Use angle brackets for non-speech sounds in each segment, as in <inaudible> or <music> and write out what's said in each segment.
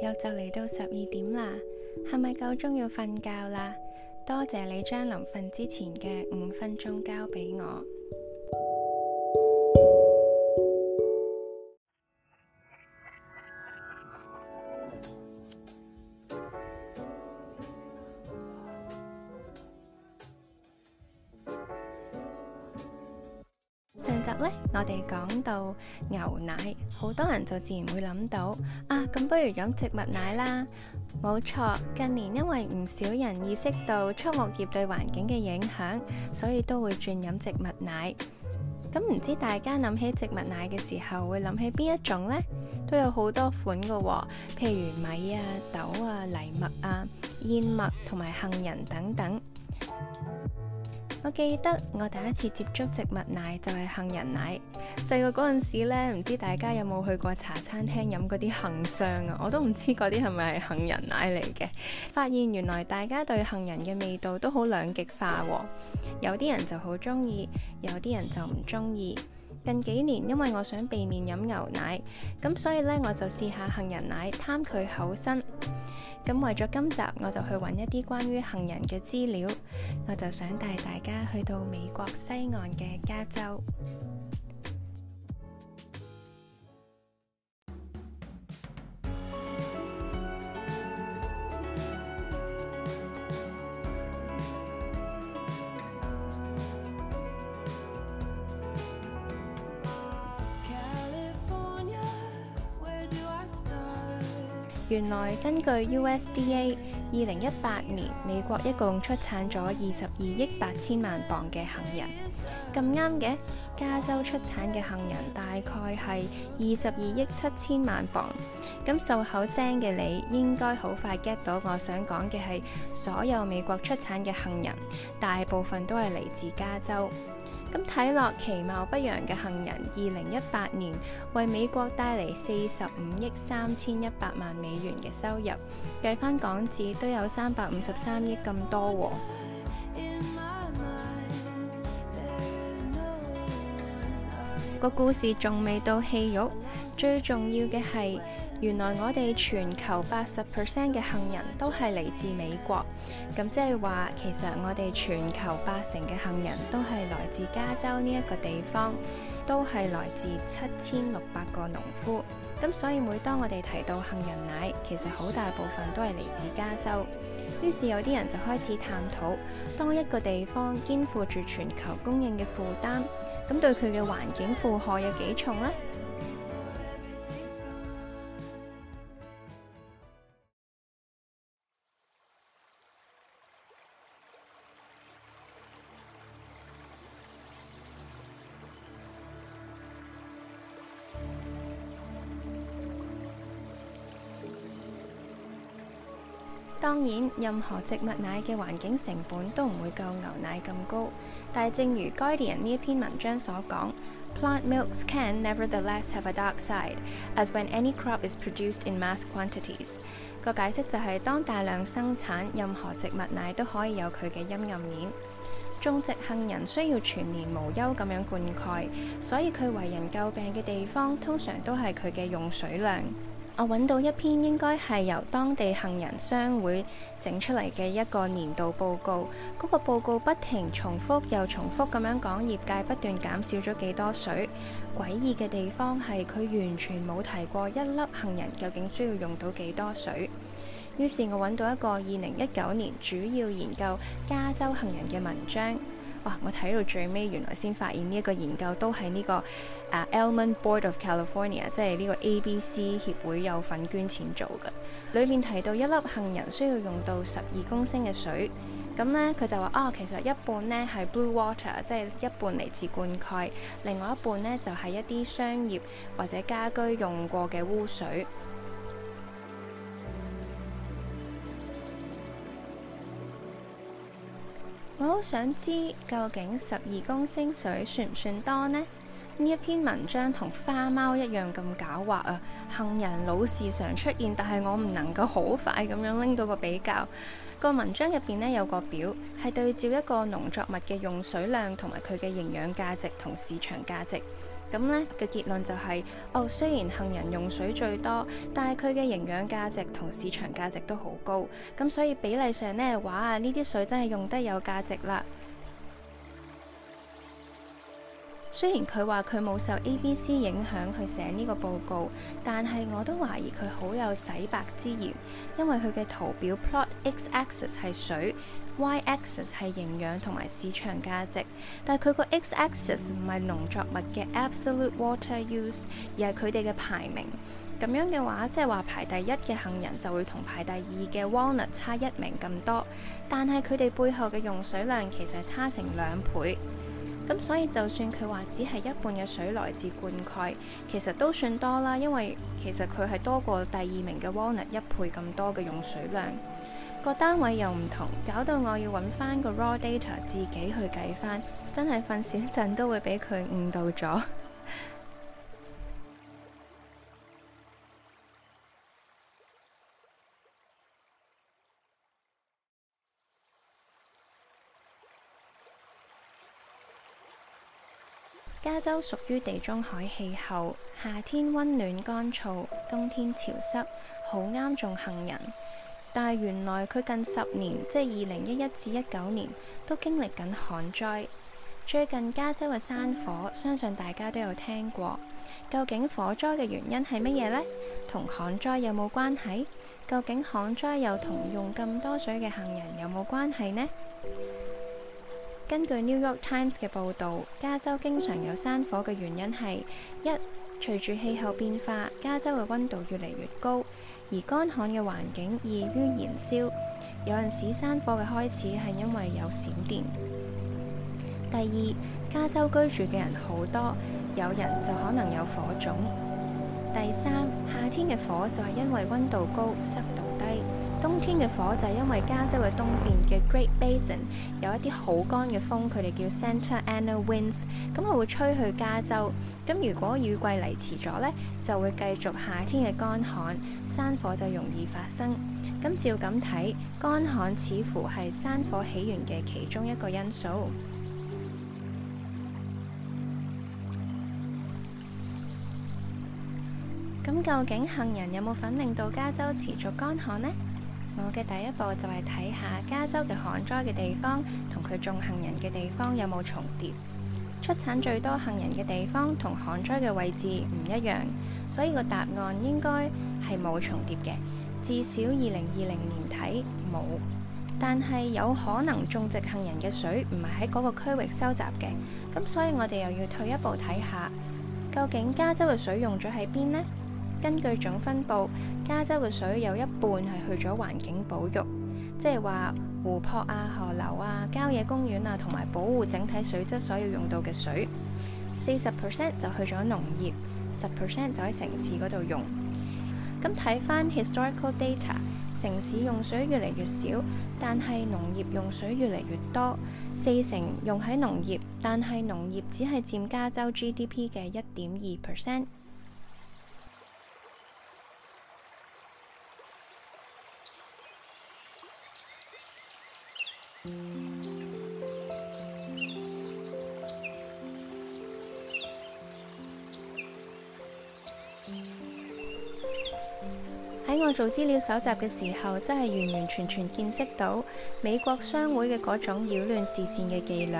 又就嚟到十二點啦，係咪夠鐘要瞓覺啦？多謝你將臨瞓之前嘅五分鐘交俾我。 <noise> 上集呢，我哋講到牛奶，好多人就自然會諗到咁不如飲植物奶啦，冇錯。近年因為唔少人意識到畜牧業對環境嘅影響，所以都會轉飲植物奶。咁唔知大家諗起植物奶嘅時候，會諗起邊一種呢？都有好多款㗎，譬如米啊、豆啊、藜麥啊、燕麥同埋杏仁等等。我記得我第一次接觸植物奶就係、是、杏仁奶，細個嗰陣時呢，唔知大家有冇去過茶餐廳飲嗰啲杏霜啊？我都唔知嗰啲係咪係杏仁奶嚟嘅，發現原來大家對杏仁嘅味道都好兩極化、哦，有啲人就好中意，有啲人就唔中意。近幾年，因為我想避免飲牛奶，咁所以呢，我就試下杏仁奶，貪佢厚身。咁為咗今集，我就去揾一啲關於杏仁嘅資料，我就想帶大家去到美國西岸嘅加州。原來根據 USDA，二零一八年美國一共出產咗二十二億八千萬磅嘅杏仁，咁啱嘅加州出產嘅杏仁大概係二十二億七千萬磅。咁數口精嘅你應該好快 get 到，我想講嘅係所有美國出產嘅杏仁大部分都係嚟自加州。咁睇落其貌不揚嘅杏仁，二零一八年為美國帶嚟四十五億三千一百萬美元嘅收入，計返港紙都有三百五十三億咁多喎。個故事仲未到戲肉。最重要嘅係原來我哋全球八十 percent 嘅杏仁都係嚟自美國，咁即係話其實我哋全球八成嘅杏仁都係來自加州呢一個地方，都係來自七千六百個農夫，咁所以每當我哋提到杏仁奶，其實好大部分都係嚟自加州。於是有啲人就開始探討，當一個地方肩負住全球供應嘅負擔。咁對佢嘅環境負荷有幾重咧？當然，任何植物奶嘅環境成本都唔會夠牛奶咁高。但係，正如 Guardian 呢一篇文章所講，plant milks can nevertheless have a dark side，as when any crop is produced in mass quantities。個解釋就係當大量生產任何植物奶都可以有佢嘅陰暗面。種植杏仁需要全年無休咁樣灌溉，所以佢為人詬病嘅地方，通常都係佢嘅用水量。我揾到一篇應該係由當地杏仁商會整出嚟嘅一個年度報告。嗰個報告不停重複又重複咁樣講，業界不斷減少咗幾多水。詭異嘅地方係，佢完全冇提過一粒杏仁究竟需要用到幾多水。於是，我揾到一個二零一九年主要研究加州杏仁嘅文章。哦、我睇到最尾，原來先發現呢一個研究都係呢、這個啊、uh、Almond Board of California，即係呢個 ABC 協會有份捐錢做嘅。裏面提到一粒杏仁需要用到十二公升嘅水，咁呢，佢就話啊、哦，其實一半呢係 blue water，即係一半嚟自灌溉，另外一半呢就係、是、一啲商業或者家居用過嘅污水。我好想知究竟十二公升水算唔算多呢？呢一篇文章同花貓一樣咁狡猾啊！杏仁老是常出現，但係我唔能夠好快咁樣拎到個比較。個文章入邊呢，有個表，係對照一個農作物嘅用水量同埋佢嘅營養價值同市場價值。咁呢，個結論就係，是，哦，雖然杏仁用水最多，但係佢嘅營養價值同市場價值都好高，咁所以比例上呢，哇！呢啲水真係用得有價值啦。雖然佢話佢冇受 A、B、C 影響去寫呢個報告，但係我都懷疑佢好有洗白之嫌，因為佢嘅圖表 plot x axis 係水。Y axis 係營養同埋市場價值，但係佢個 X axis 唔係農作物嘅 absolute water use，而係佢哋嘅排名。咁樣嘅話，即係話排第一嘅杏仁就會同排第二嘅 Walnut 差一名咁多，但係佢哋背後嘅用水量其實係差成兩倍。咁所以就算佢話只係一半嘅水來自灌溉，其實都算多啦，因為其實佢係多過第二名嘅 Walnut 一倍咁多嘅用水量。個單位又唔同，搞到我要揾返個 raw data 自己去計返，真係瞓少陣都會俾佢誤導咗。 <laughs> 加州屬於地中海氣候，夏天溫暖乾燥，冬天潮濕，好啱種杏仁。但係原來佢近十年，即係二零一一至一九年，都經歷緊旱災。最近加州嘅山火，相信大家都有聽過。究竟火災嘅原因係乜嘢呢？同旱災有冇關係？究竟旱災又同用咁多水嘅杏仁有冇關係呢？根據 New York Times 嘅報道，加州經常有山火嘅原因係一，隨住氣候變化，加州嘅溫度越嚟越高。而乾旱嘅環境易於燃燒，有陣時山火嘅開始係因為有閃電。第二，加州居住嘅人好多，有人就可能有火種。第三，夏天嘅火就係因為温度高，濕度低。冬天嘅火就係因為加州嘅東邊嘅 Great Basin 有一啲好乾嘅風，佢哋叫 Santa Ana Winds，咁佢會吹去加州。咁如果雨季嚟遲咗呢，就會繼續夏天嘅乾旱，山火就容易發生。咁照咁睇，乾旱似乎係山火起源嘅其中一個因素。咁究竟杏仁有冇份令到加州持續乾旱呢？我嘅第一步就係睇下加州嘅旱災嘅地方同佢種杏仁嘅地方有冇重疊。出產最多杏仁嘅地方同旱災嘅位置唔一樣，所以個答案應該係冇重疊嘅。至少二零二零年睇冇，但係有可能種植杏仁嘅水唔係喺嗰個區域收集嘅。咁所以我哋又要退一步睇下，究竟加州嘅水用咗喺邊呢？根據總分布，加州嘅水有一半係去咗環境保育，即係話湖泊啊、河流啊、郊野公園啊，同埋保護整體水質所要用到嘅水。四十 percent 就去咗農業，十 percent 就喺城市嗰度用。咁睇翻 historical data，城市用水越嚟越少，但係農業用水越嚟越多。四成用喺農業，但係農業只係佔加州 GDP 嘅一點二 percent。喺我做資料搜集嘅時候，真係完完全全見識到美國商會嘅嗰種擾亂視線嘅伎倆。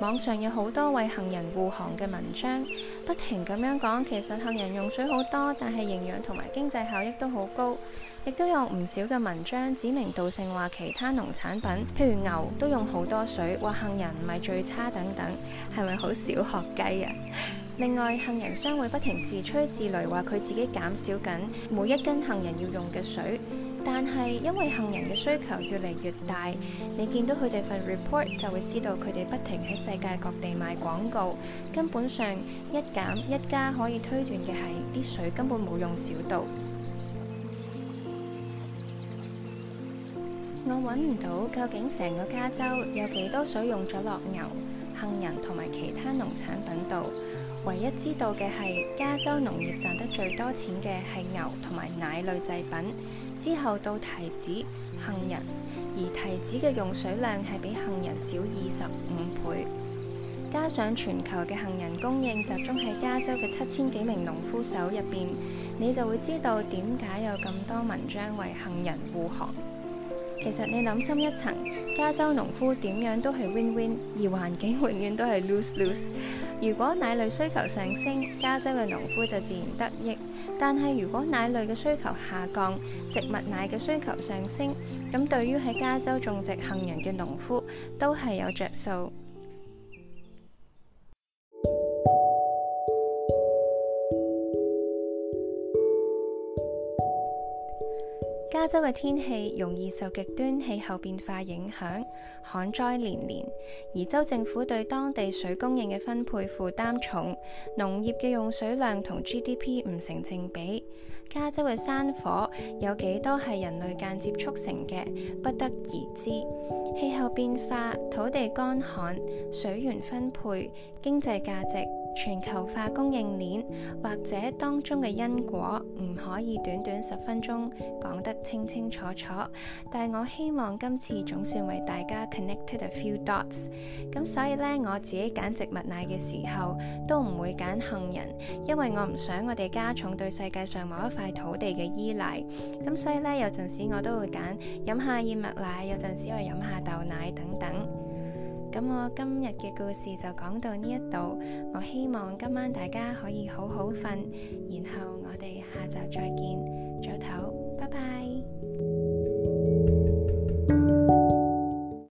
網上有好多為杏仁護航嘅文章，不停咁樣講，其實杏仁用水好多，但係營養同埋經濟效益都好高。亦都有唔少嘅文章指名道姓話其他農產品，譬如牛都用好多水，話杏仁唔係最差等等，係咪好小學雞啊？另外，杏仁商會不停自吹自擂，話佢自己減少緊每一斤杏仁要用嘅水，但係因為杏仁嘅需求越嚟越大，你見到佢哋份 report 就會知道佢哋不停喺世界各地賣廣告。根本上一減一加，可以推斷嘅係啲水根本冇用少到。我揾唔到究竟成個加州有幾多水用咗落牛、杏仁同埋其他農產品度。唯一知道嘅係加州農業賺得最多錢嘅係牛同埋奶類製品，之後到提子、杏仁，而提子嘅用水量係比杏仁少二十五倍。加上全球嘅杏仁供應集中喺加州嘅七千幾名農夫手入邊，你就會知道點解有咁多文章為杏仁護航。其實你諗深一層，加州農夫點樣都係 win win，而環境永遠都係 lose lose。如果奶類需求上升，加州嘅農夫就自然得益；但係如果奶類嘅需求下降，植物奶嘅需求上升，咁對於喺加州種植杏仁嘅農夫都係有着數。加州嘅天氣容易受極端氣候變化影響，旱災連連。而州政府對當地水供應嘅分配負擔重，農業嘅用水量同 GDP 唔成正比。加州嘅山火有幾多係人類間接促成嘅，不得而知。氣候變化、土地乾旱、水源分配、經濟價值。全球化供應鏈，或者當中嘅因果唔可以短短十分鐘講得清清楚楚，但係我希望今次總算為大家 connected a few dots。咁所以呢，我自己揀植物奶嘅時候都唔會揀杏仁，因為我唔想我哋加重對世界上某一塊土地嘅依賴。咁所以呢，有陣時我都會揀飲下燕麥奶，有陣時去飲下豆奶等等。咁我今日嘅故事就講到呢一度，我希望今晚大家可以好好瞓，然後我哋下集再見，早唞。